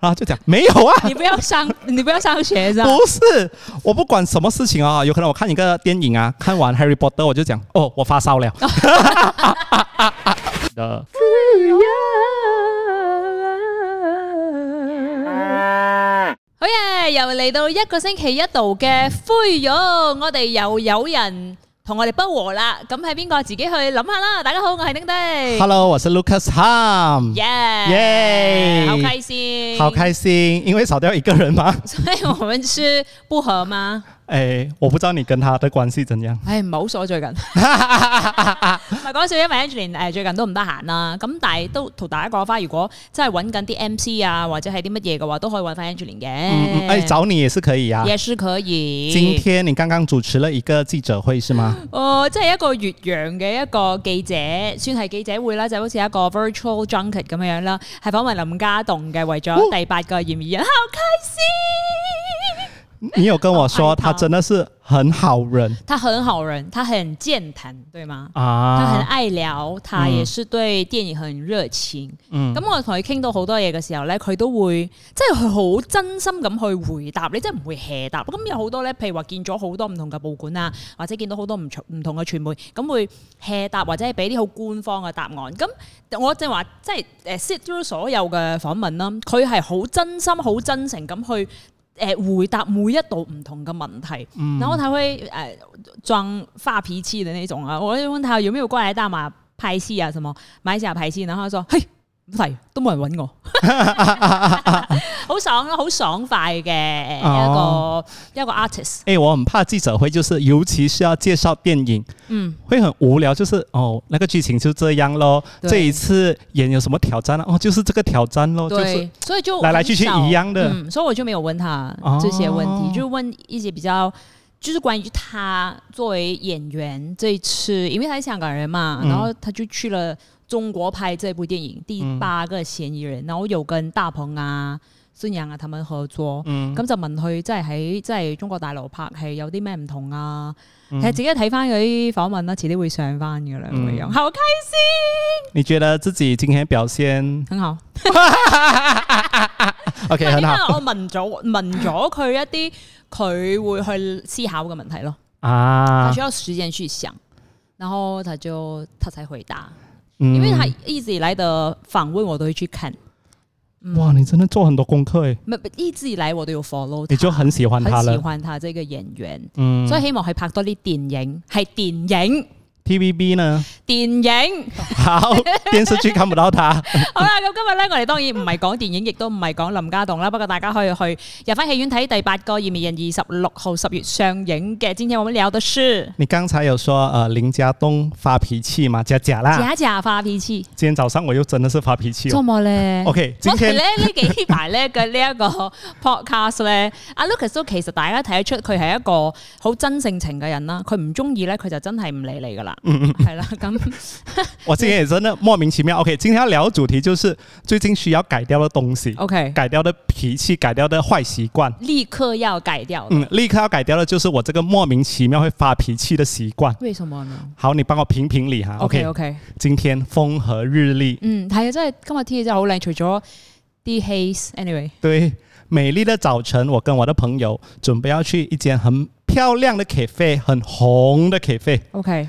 啊，就講沒有啊！ 你不要傷，你不要傷學生。不是，我不管什麼事情啊，有可能我看一個電影啊，看完《Harry Potter》，我就講哦，我發燒了。好耶，又嚟到一個星期一度嘅 Fuyoh，我哋又有人。同我哋不和啦，咁係邊個？自己去諗下啦。大家好，我係丁丁。Hello，我係 Lucas Ham。Yeah，Yeah，好開心。好開心，因為少掉一個人嘛，所以，我們是不和嗎？ 誒，我不知道你跟他的關係怎樣。誒，唔好所最近，唔係講笑，因為 Angeline、呃、誒最近都唔得閒啦。咁但係都同大家講翻，如果真係搵緊啲 MC 啊，或者係啲乜嘢嘅話，都可以搵翻 Angeline 嘅。誒、嗯哎，找你也是可以啊。也是可以。今天你剛剛主持了一個記者會，是嗎？哦、呃，即係一個粵語嘅一個記者，算係記者會啦，就好似一個 virtual junket 咁樣樣啦，係訪問林家棟嘅，為咗第八個嫌疑人，好開心。你有跟我說，他真的是很好人，哦他。他很好人，他很健談，對嗎？啊，他很愛聊，他也是對電影很熱情。嗯，咁、嗯、我同佢傾到好多嘢嘅時候咧，佢都會即係佢好真心咁去回答，你真係唔會 hea 答。咁有好多咧，譬如話見咗好多唔同嘅報館啊，或者見到好多唔唔同嘅傳媒，咁會 hea 答或者係俾啲好官方嘅答案。咁我正話即係誒，sit through 所有嘅訪問啦，佢係好真心、好真誠咁去。誒回答每一道唔同嘅問題，嗯、然後佢會誒裝發脾氣嘅那種啊，我問佢有冇過來大馬拍戲啊，什麼馬來西亞拍戲，然後佢話：嘿。係，都冇人揾我，哦， 好爽咯，啊，好爽快嘅，oh. 一個一個 artist。誒、hey，我很怕記者會，就是尤其是要介紹電影，嗯，會很無聊，就是哦，那個劇情就這樣咯。這一次演有什麼挑戰啊？哦，就是這個挑戰咯。對，所以就是、來來去去一樣的，嗯，所以我就沒有問他這些問題，oh. 就問一些比較，就是關於他作為演員這一次，因為他是香港人嘛，然後他就去了。嗯中國派這部電影《嗯、第八個嫌疑人》，然後有跟大鵬啊、孫楊啊他們合作，咁、嗯、就問佢：「即係喺在中國大陸拍戲，有啲咩唔同啊？你、嗯、自己睇翻佢啲訪問啦，遲啲會上翻噶啦咁樣。好開心！你覺得自己今天表現很好。 OK， 我問咗 問咗佢一啲，佢會去思考嘅問題咯。啊，他需要時間去想，然後他就他才回答。因為他一直以來的訪問我都會去看、嗯，哇！你真的做很多功課誒、欸，冇冇？一直以來我都有 follow 他，你就很喜歡他了，很喜歡他這個演員，嗯，所以希望佢拍多啲電影，係、嗯、電影。T.V.B. 呢？電影，好，電視劇睇唔到他。好啦，咁今日咧，我哋當然唔係講電影，亦都唔係講林家棟啦。不過大家可以去入翻戲院睇《第八個嫌疑人》，二十六號十月上映嘅。今天我冇攞到書。你剛才有說誒林家棟發脾氣嗎？假假啦，假假發脾氣。今天早上我又真的是發脾氣。做乜咧？O.K.，今日咧呢幾排咧嘅呢一個 podcast 咧，阿 Lucas 都其實大家睇得出佢係一個好真性情嘅人啦。佢唔中意咧，佢就真係唔理你噶啦。嗯，嗯，係啦，咁我之前也真的莫名其妙。OK，今天要聊的主題就是最近需要改掉的東西。OK，改掉的脾氣，改掉的壞習慣，立刻要改掉。嗯，立刻要改掉的，就是我這個莫名其妙會發脾氣的習慣。為什麼呢？好，你幫我評評理哈。OK，OK，okay, okay, okay. 今天風和日麗。嗯，係啊，真係今日天氣真係好靚，除咗啲 haze anyway。Anyway，對，美麗的早晨，我跟我的朋友準備要去一間很漂亮的 cafe，很紅的 cafe。OK。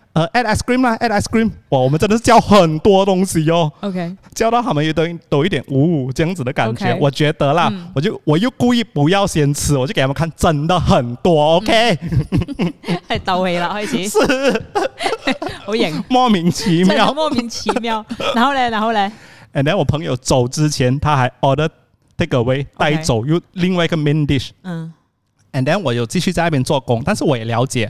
呃、uh，add ice cream 啦，add ice cream，wow，okay. 哇，我們真的是叫很多東西喲。O K，叫到他們有都都一點五五、哦、這樣子的感覺，okay. 我覺得啦，嗯、我就我又故意不要先吃，我就給他們看真的很多。O K，太鬥氣了。開始，是好型 莫名其妙，莫名其妙。 然後咧，然後咧，and then 我朋友走之前，他還 order take away 帶走、okay. 又另外一個 main dish。嗯，and then 我有繼續在那邊做工，但是我也了解。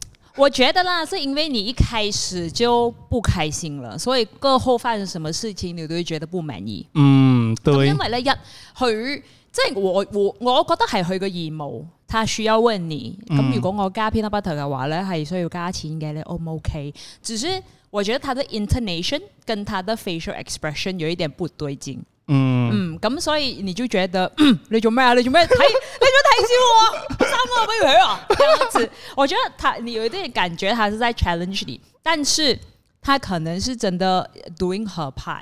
我覺得啦，是因為你一開始就不開心了，所以過後發生什麼事情你都會覺得不滿意。嗯，對。因為買咗一佢，即係我我我覺得係佢個義務。他需要問你。咁、嗯、如果我加 Peanut Butter 嘅話咧，係需要加錢嘅咧，唔 O K。只是我覺得他的 intonation 跟他的 facial expression 有一點不對勁。嗯，咁、嗯嗯嗯、所以你就覺得嗯，你做咩啊？你做咩睇？你做咩睇笑啊？三個不如佢啊！咁樣子，我覺得他，你有一點感覺他是在 challenge 你，但是他可能是真的 doing her part。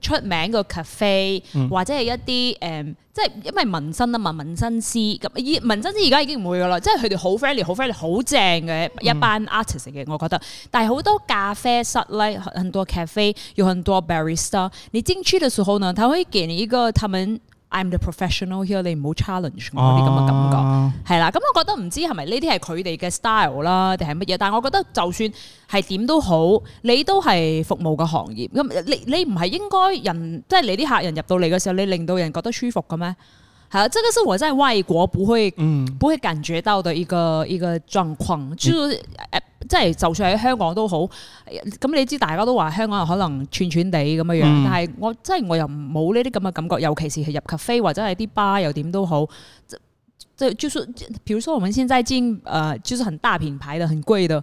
出名個 cafe、嗯、或者係一啲誒，即、um, 係因為紋身啊嘛，紋身師咁，而紋身師而家已經唔會㗎喇，即係佢哋好 friendly，好 friendly，好正嘅一班 artist 嘅，嗯、我覺得。但係好多咖啡室咧，很多 cafe 有很多 barista，你進出嘅時候呢，他可以給你一個他們。I'm the professional here，你唔好 challenge 我啲咁嘅感覺，係、啊、啦。咁、嗯、我覺得唔知係咪呢啲係佢哋嘅 style 啦，定係乜嘢？但係我覺得就算係點都好，你都係服務嘅行業。咁你你唔係應該人，即、就、係、是、你啲客人入到嚟嘅時候，你令到人覺得舒服嘅咩？係啊、就是嗯這個，即係生活真係在外國唔會，嗯，唔會感覺到嘅一個一個狀況，就是嗯即係就算喺香港都好，咁你知大家都話香港人可能串串地咁樣樣，嗯、但係我即係我又冇呢啲咁嘅感覺，尤其是係入咖啡或者喺啲吧，又點都好，即這就是，譬如說，我們現在進誒、呃，就是很大品牌的、很貴的。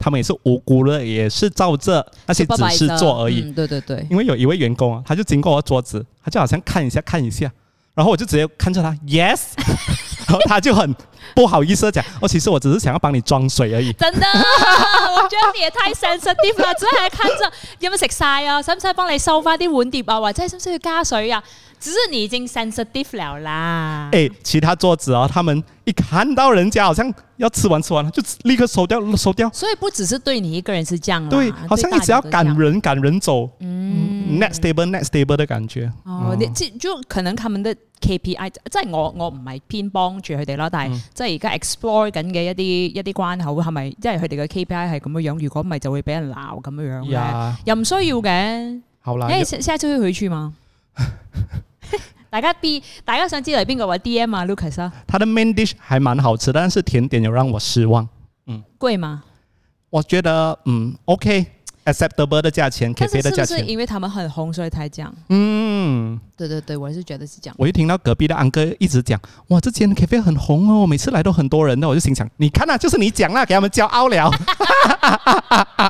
他們也是無辜的，也是照着那些指示做而已、嗯。對對對，因為有一位員工啊，他就經過我的桌子，他就好像看一下看一下，然後我就直接看着他 ，yes，然後他就很不好意思講，我、哦、其實我只是想要幫你裝水而已。真的、啊，我覺得你也太 sensitive 了，看着有冇食晒啊，使唔使幫你收翻啲碗碟啊，或者使唔使去加水啊？只是你已經 sensitive 了啦。誒，其他桌子啊，他們一看到人家好像要吃完吃完了，就立刻收掉收掉。所以不只是對你一個人是咁。對，好像你只要趕人趕人走。嗯。Next table，next table 的感覺。哦，哦你即就，就可能他們的 KPI，即係我我唔係偏幫住佢哋咯，但係即係而家 exploit 緊嘅一啲一啲關口係咪，即係佢哋嘅 KPI 係咁樣樣？如果唔係就會俾人鬧咁樣樣。又、yeah. 唔需要嘅、嗯。好啦。誒，下次 t 出去佢 大家 B，大家想知道有邊個話 D M 啊，Lucas 啊，他的 main dish 還蠻好吃，但是甜點有讓我失望。嗯，貴嗎？我覺得嗯，OK，acceptable，okay，的價錢，cafe 的價錢，是，是，是因為他們很紅所以才講。嗯，對對對，我也是覺得是這樣。我一聽到隔壁的安哥一直講，哇，這間 cafe 很紅哦，每次來都很多人嘅，我就心想，你看啊，就是你講啊給他們驕傲了。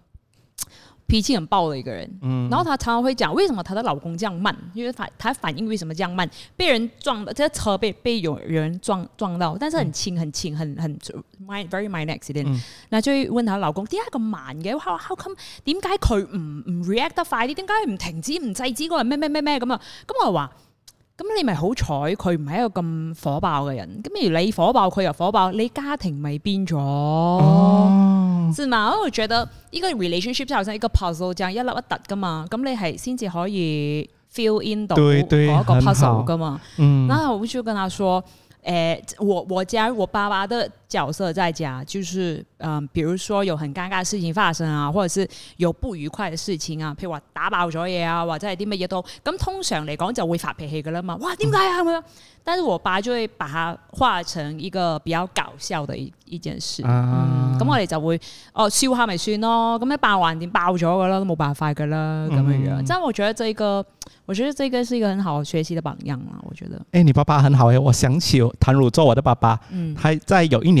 脾氣很暴的一個人，嗯，然後她常常會講為什麼她的老公這樣慢，因為她她反應為什麼這樣慢，被人撞了，這個車被被有有人撞撞到，但是很輕很輕很很 minor very minor accident，那就問她老公，點解咁慢嘅，how how come，點解佢唔唔 react 得快啲，點解唔停止唔制止嗰個咩咩咩咩咁啊，咁我話。咁你咪好彩，佢唔係一個咁火爆嘅人。咁譬如你火爆，佢又火爆，你家庭咪變咗，哦、是嘛？我會覺得呢個 relationship 就好似一個 puzzle 就係一粒一突噶嘛，咁你係先至可以 feel in 到嗰、那個 puzzle 噶嘛。嗯，那我就跟他說，誒、呃，我我家我爸爸的。角色在家，就是，嗯，比如說有很尷尬的事情發生啊，或者是有不愉快的事情啊，譬如話打爆咗嘢啊，或者係啲乜嘢都，咁通常嚟講就會發脾氣噶啦嘛。哇，點解啊？咁、嗯、樣，但是我爸就會把它化成一個比較搞笑的一一件事。咁、啊嗯、我哋就會，哦，笑下咪算咯。咁樣爆橫點爆咗噶啦，都冇辦法噶啦，咁樣樣。即、嗯、係我覺得，這個，我覺得，這個是一個很好學習的榜樣啊。我覺得，誒、欸，你爸爸很好誒、欸，我想起譚如做我的爸爸，嗯，他在有一年。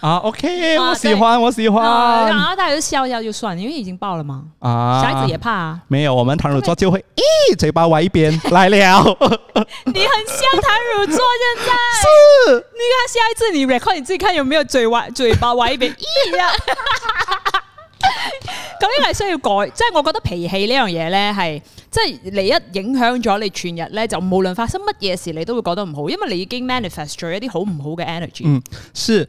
啊，OK，我喜歡我喜歡，然後、啊、大家笑笑就算，因為已經爆啦嘛。啊，小孩子也怕啊。沒有，我們談吐作就會咦，嗯、嘴巴歪一邊，來了。 你很像談吐作，現在是。你看下一次你 record，你自己看有沒有嘴巴歪 嘴巴歪一邊。咁 因為需要改，即、就、係、是、我覺得脾氣呢樣嘢咧，係即係你一影響咗你全日咧，就無論發生乜嘢事，你都會覺得唔好，因為你已經 manifest 咗一啲好唔好嘅 energy。嗯，是。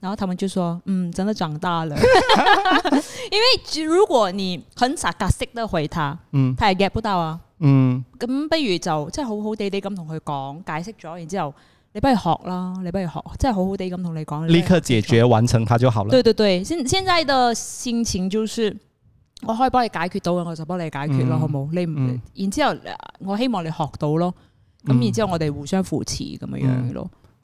然後他們就說，嗯，真的長大了， 因為如果你很 sarcastic 的回他，嗯，他也 get 不到啊，嗯，咁不如就即係好好地咁同佢講解釋咗，然之後你不如學啦，你不如學，即係好好地咁同你講，立刻解決完成，他就好啦。對對對，現現在的心情就是，我可以幫你解決到嘅，我就幫你解決咯，嗯、好冇？你，唔、嗯，然之後我希望你學到咯，咁然之後我哋互相扶持咁樣樣咯。嗯嗯。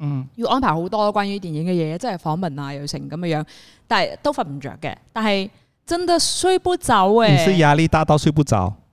嗯，要安排好多關於電影嘅嘢，即係訪問啊，又成咁嘅樣，但係都瞓唔着嘅，但係真係睡不著嘅，唔係壓力大到睡不着。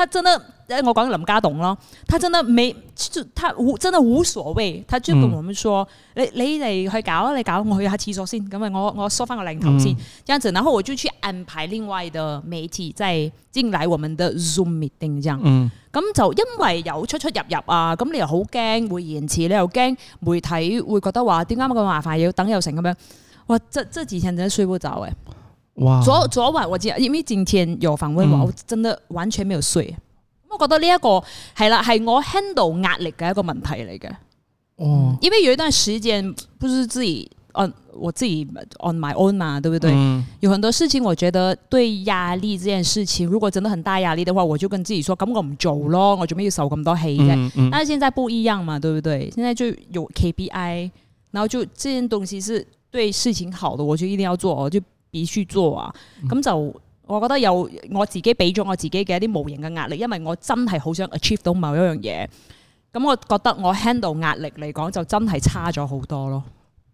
他真的，我講林家棟咯，他真的沒，他無真的無所謂，他就跟我們說，嗯、你你嚟去搞，你搞，我去下廁所先，咁樣我我梳翻個靚頭先，這樣子，然後我就去安排另外的媒體再進來我們的 Zoom meeting，咁樣，咁、嗯、就因為有出出入入啊，咁你又好驚會延遲，你又驚媒體會覺得話點解咁麻煩，要等又成咁樣，哇，這這幾天真係睡不着誒。哇，昨昨晚我知，因為今天有訪問我，我真的完全沒有睡。嗯、我覺得呢一個係啦，係我 handle 壓力嘅一個問題嚟嘅。哦，因為有一段時間，不是自己我自己 on my own 嘛，對不對？嗯、有很多事情，我覺得對壓力這件事情，如果真的很大壓力的話，我就跟自己說，咁我唔做咯，我就沒有受咁多氣嘅、嗯嗯。但係現在不一樣嘛，對不對？現在就有 KPI，然後就呢件東西是對事情好的，我就一定要做，我就。必須做啊！咁就我覺得有我自己俾咗我自己嘅一啲無形嘅壓力，因為我真係好想 achieve 到某一樣嘢。咁我覺得我 handle 壓力嚟講就真係差咗好多咯。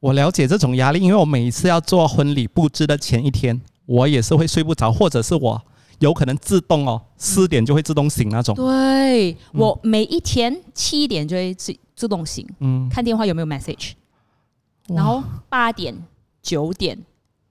我了解這種壓力，因為我每一次要做婚禮布置的前一天，我也是會睡不着，或者是我有可能自動哦四點就會自動醒那種。對，我每一天七點就會自自動醒，嗯，看電話有沒有 message，然後八點九點。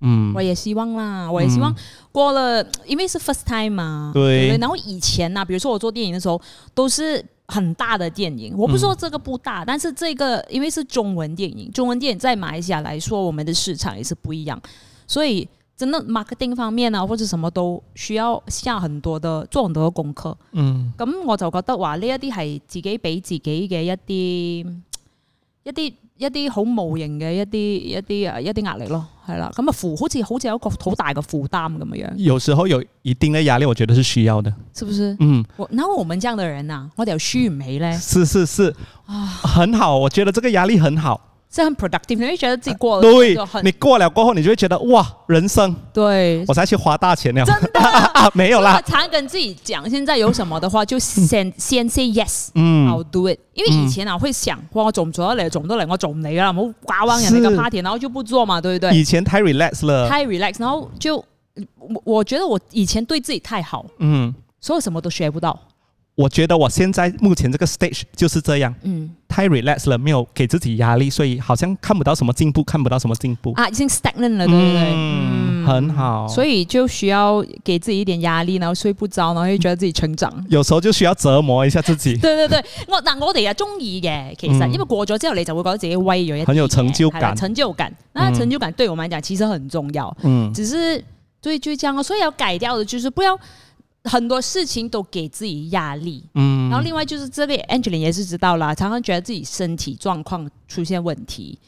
嗯，我也希望啦，我也希望過了、嗯，因為是 first time 嘛。對，然後以前啊，比如說我做電影的時候，都是很大的電影。我不說這個不大、嗯，但是這個因為是中文電影，中文電影在馬來西亞來說，我們的市場也是不一樣，所以真的 marketing 方面啊，或者什麼都需要下很多的做很多的功課。嗯，咁我就覺得哇，呢一啲係自己俾自己嘅一啲一啲。一啲好無形嘅一啲一啲、啊、一啲壓力咯，係啦，咁啊負好似好似有一個好大嘅負擔咁樣樣。有時候有一定嘅壓力，我覺得是需要嘅，是不是？嗯，我，那我們這樣的人啊，我哋又輸唔起咧？是是是，啊，很好，我覺得這個壓力很好。是很 productive，你會覺得自己過了，uh, 對，你過了過後，你就會覺得哇，人生對，我才去花大錢了，真的 沒有啦。我常跟自己講，現在有什麼的話，就先、嗯、先 say yes，嗯，I'll do it。因為以前啊，嗯、會想，哇，我做唔做得嚟，做唔得嚟，我做唔嚟噶啦，唔好搞汪人哋個 party，然後就不做嘛，對不對？以前太 relax 了，太 relax，然後就我我覺得我以前對自己太好，嗯，所以我什麼都學不到。我覺得我現在目前這個 stage 就是這樣，嗯，太 relax 了，沒有給自己壓力，所以好像看不到什麼進步，看不到什麼進步啊，已經 stagnant 了、嗯，對不對？嗯，很好。所以就需要給自己一點壓力，然後睡不着，然後又覺得自己成長。有時候就需要折磨一下自己。 對對對，我那我哋也中意嘅，其實、嗯、因為過咗之後，你就會覺得自己威咗一。很有成就感。嗯、成就感那成就感對我嚟講其實很重要。嗯。只是，對就這樣、哦、所以要改掉的，就是不要。很多事情都給自己壓力，嗯，然後另外就是，這個 Angeline 也是知道啦，常常覺得自己身體狀況出現問題，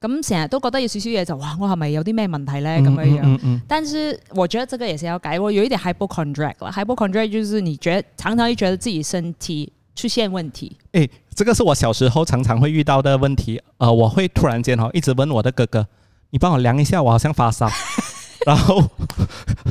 咁成日都覺得有少少嘢就哇，我係咪有啲咩問題咧咁樣樣。但是我覺得這個也是要改。我有一點 hypochondriac 啦，hypochondriac 就是你覺得常常覺得自己身體出現問題。誒、哎，這個是我小時候常常會遇到的問題，呃，我會突然間哦，一直問我的哥哥，你幫我量一下，我好像發燒， 然後。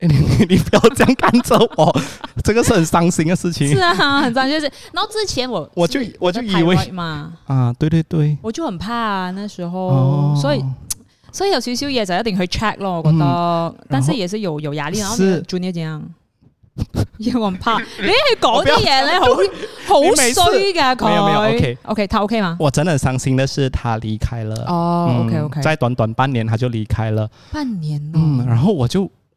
欸、你你你不要這樣看着我， 這個是很傷心的事情。是啊，很傷心的事情。然後之前我我就我就以為嘛，啊、呃，對對對，我就很怕啊，那時候，哦、所以所以有少少嘢就一定會 check 咯，我覺得。嗯、但是也是有有壓力，是然後做呢樣，又 很怕。 你去講啲嘢咧，好好衰噶。佢沒，沒有沒有，OK OK，他 OK 嗎？我真的很傷心的是，他離開了哦、嗯。OK OK，在短短半年他就離開了。半年。嗯。然後我就。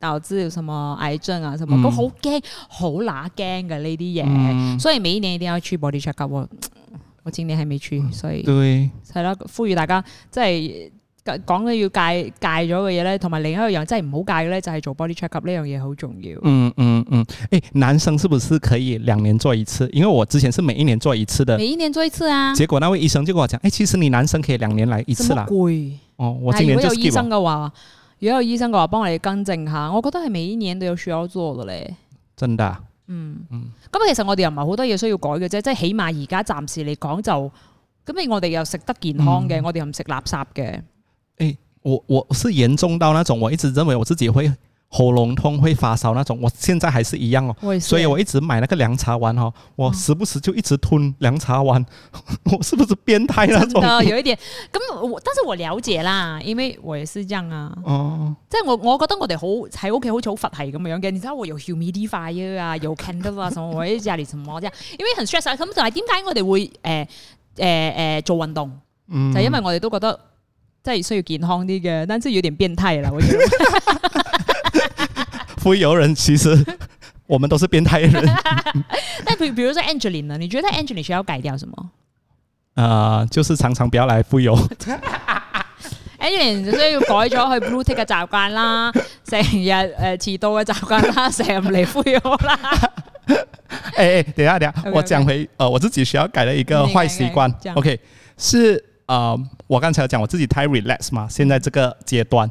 導致有什麼癌症啊？什麼、嗯、都好驚好乸驚嘅呢啲嘢，所以每一年一定要去 body check up 我。我我今年還沒去，所以係啦，呼籲大家即係講緊要戒戒咗嘅嘢咧，同埋另一樣真係唔好戒嘅咧，就係、是、做 body check up 呢樣嘢好重要。嗯嗯嗯，誒、嗯欸，男生是不是可以兩年做一次？因為我之前是每一年做一次的。每一年做一次啊！結果那位醫生就跟我講，誒、欸，其實你男生可以兩年來一次啦。貴哦！我今年就記、哎、有醫生嘅話。如果一個醫生話幫我哋更正下，我覺得係每年都有需要做嘅咧。真噶、啊？嗯嗯。咁其實我哋又唔係好多嘢需要改嘅啫，即係起碼而家暫時嚟講就，咁你我哋又食得健康嘅、嗯，我哋又唔食垃圾嘅。誒、欸，我我是嚴重到那種，我一直認為我自己會。喉嚨痛會發燒那種，我現在還是一樣哦，所以我一直買那個涼茶丸哦，我時不時就一直吞涼茶丸，我是不是變態那種？真的有一點，咁我，但是我了解啦，因為我也是這樣啊，哦、嗯，即係我我覺得我哋、OK, 好喺屋企好似好佛系咁樣嘅，你知道我有 humidifier 啊，有 candle 啊，什麼或者廿什麼因為很 stress，咁就係點解我哋會誒誒誒做運動，嗯、就是、因為我哋都覺得即係需要健康啲嘅，但係有點變態啦，我覺得。 富有人其實我們都是變態人。那 比如比如說 Angeline 你覺得 Angeline 需要改掉什麼？啊、呃，就是常常不要來富有 Angeline 需要改咗去 blue tick 的習慣啦，成日誒遲到嘅習慣啦，成日嚟富游啦。哎哎，等下等下，等下 okay, okay. 我講回，呃，我自己需要改了一個壞習慣。OK, okay, okay 是啊、呃，我剛才講我自己太 relax 嘛，現在這個階段。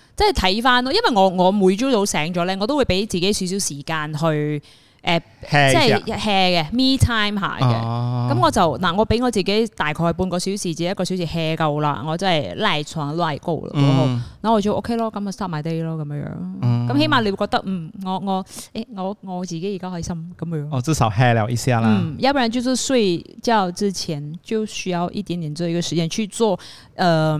即係睇翻咯，因為我我每朝早醒咗咧，我都會俾自己少少時間去誒，即係 hea 嘅 me time 下嘅。咁、哦、我就嗱，我俾我自己大概半個小時至一個小時 hea 夠啦。我真係賴床賴夠啦，咁、嗯、我就 OK 咯。咁啊，start my day 咯咁樣樣。咁、嗯、起碼你會覺得嗯，我我誒我我自己而家開心咁樣。我、哦、至少 hea 了一下啦。嗯，要不然就是睡覺之前就需要一點點做一個時間去做，呃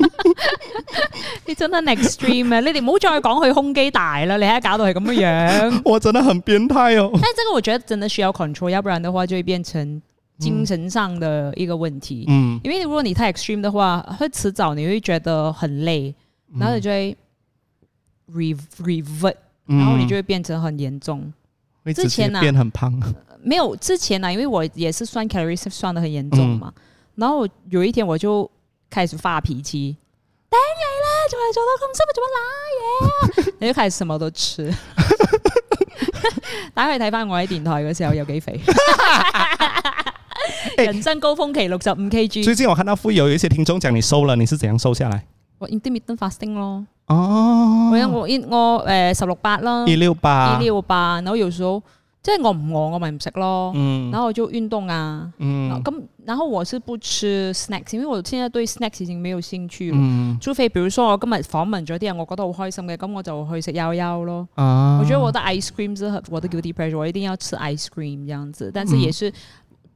你真的很 extreme，、啊、 你哋唔好再講佢胸肌大啦， 你睇 你 搞到係咁嘅樣。我真的很變態哦。但係呢個我覺得真的需要 control，要不然的話就會變成精神上的一個問題。嗯，因為如果你太 extreme 的話，會遲早你會覺得很累，然後你就會 re revert、嗯、然後你就會變成很嚴重、嗯。之前啊變很胖？呃、沒有之前啊，因為我也是算 calorie 算得很嚴重嘛、嗯，然後有一天我就開始發脾氣。頂你啦！仲嚟做到咁辛做乜嘢？你都開什麼都吃，打開睇翻我喺電台嘅時候有幾肥， 人生高峰期六十五 K G、欸。最近我看到會有一些聽眾講你瘦了，你是怎樣瘦下來？我 intermittent 咯。哦、oh，我我誒十六八啦，二六八，二六八。168，然後我有時候。即係我唔餓，我咪唔食咯。嗯，然後我就運動啊。嗯，咁，然後我是不吃 snacks，因為我現在對 snacks 已經沒有興趣了。嗯、除非，比如說我今日訪問咗啲人，我覺得好開心嘅，咁我就去食休休咯、啊。我覺得我的 ice cream 之我都叫 depression，我一定要吃 ice cream，咁樣子，但是也是。嗯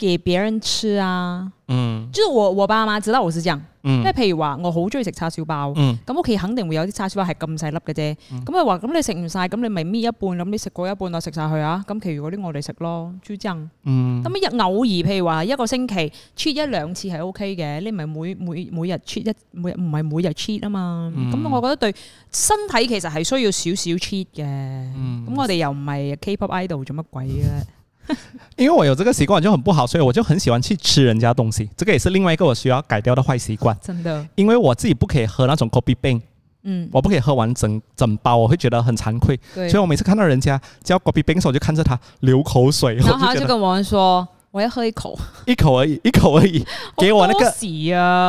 給別人吃啊，嗯，就我我爸媽知道我是這樣，即、嗯、係譬如話我好中意食叉燒包，咁屋企肯定會有啲叉燒包係咁細粒嘅啫，咁咪話咁你食唔晒，咁你咪搣一半，咁你食過一半啊食晒去啊，咁其餘嗰啲我哋食咯，豬踭，咁咪一偶爾譬如話一個星期 cheat、嗯、一兩次係 OK 嘅，你咪每每每日 cheat 一每日唔係每日 cheat 啊嘛，咁、嗯、我覺得對身體其實係需要少少 cheat 嘅，咁、嗯、我哋又唔係 K-pop idol 做乜鬼啊？嗯 因為我有這個習慣，就很不好，所以我就很喜歡去吃人家東西。這個也是另外一個我需要改掉的壞習慣。真的，因為我自己不可以喝那種 coffee bean，嗯，我不可以喝完整整包，我會覺得很慚愧。對，所以我每次看到人家叫 coffee bean 的時候，bang，我就看着他流口水。然後他就跟我們說：“我，我，說我要喝一口，一口而已，一口而已， 給我那個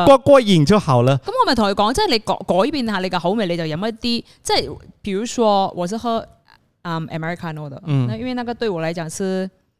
過過癮就好了。”咁我咪同佢講，即係你改改變下你嘅口味，你就飲一啲。即係，比如說我是喝 Americano 的，嗯，那因為那個對我來講是。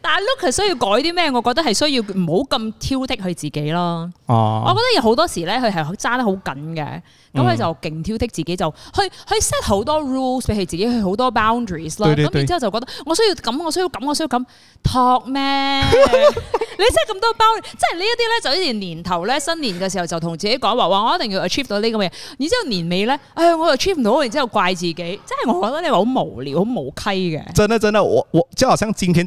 但係 l o k a 需要改啲咩？我覺得係需要唔好咁挑剔佢自己咯、啊。嗯嗯、我覺得有好多時咧，佢係爭得好緊嘅，咁佢就勁挑剔自己，就去去 set 好多 rules 俾佢自己，去好多 boundaries 啦。咁然之後就覺得我需要咁，我需要咁，我需要咁 talk 咩？這 Talkman，啊、你 set 咁多包， 即係呢一啲咧，就好似年頭咧，新年嘅時候就同自己講話，話我一定要 achieve 到呢咁嘅，然之後年尾咧，哎，我又 achieve 唔到，然之後怪自己，即係我覺得你話好無聊，好無稽嘅。真的，真的，真的，我即係好像今天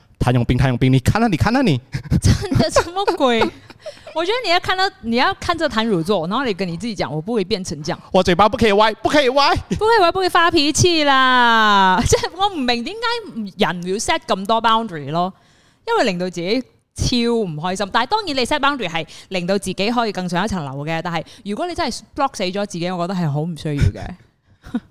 譚用兵，譚用兵，你看到、啊、你看到、啊你，啊、你， 真的什麼鬼？我覺得你要看到你要看着譚汝作，然後你跟你自己講，我不會變成這樣，我嘴巴不可以歪，不可以歪，不可以歪，不會發脾氣啦。即 係我唔明點解人要 set 咁多 boundary 咯，因為令到自己超唔開心。但係當然你 set boundary 係令到自己可以更上一層樓嘅。但係如果你真係 block 死咗自己，我覺得係好唔需要嘅。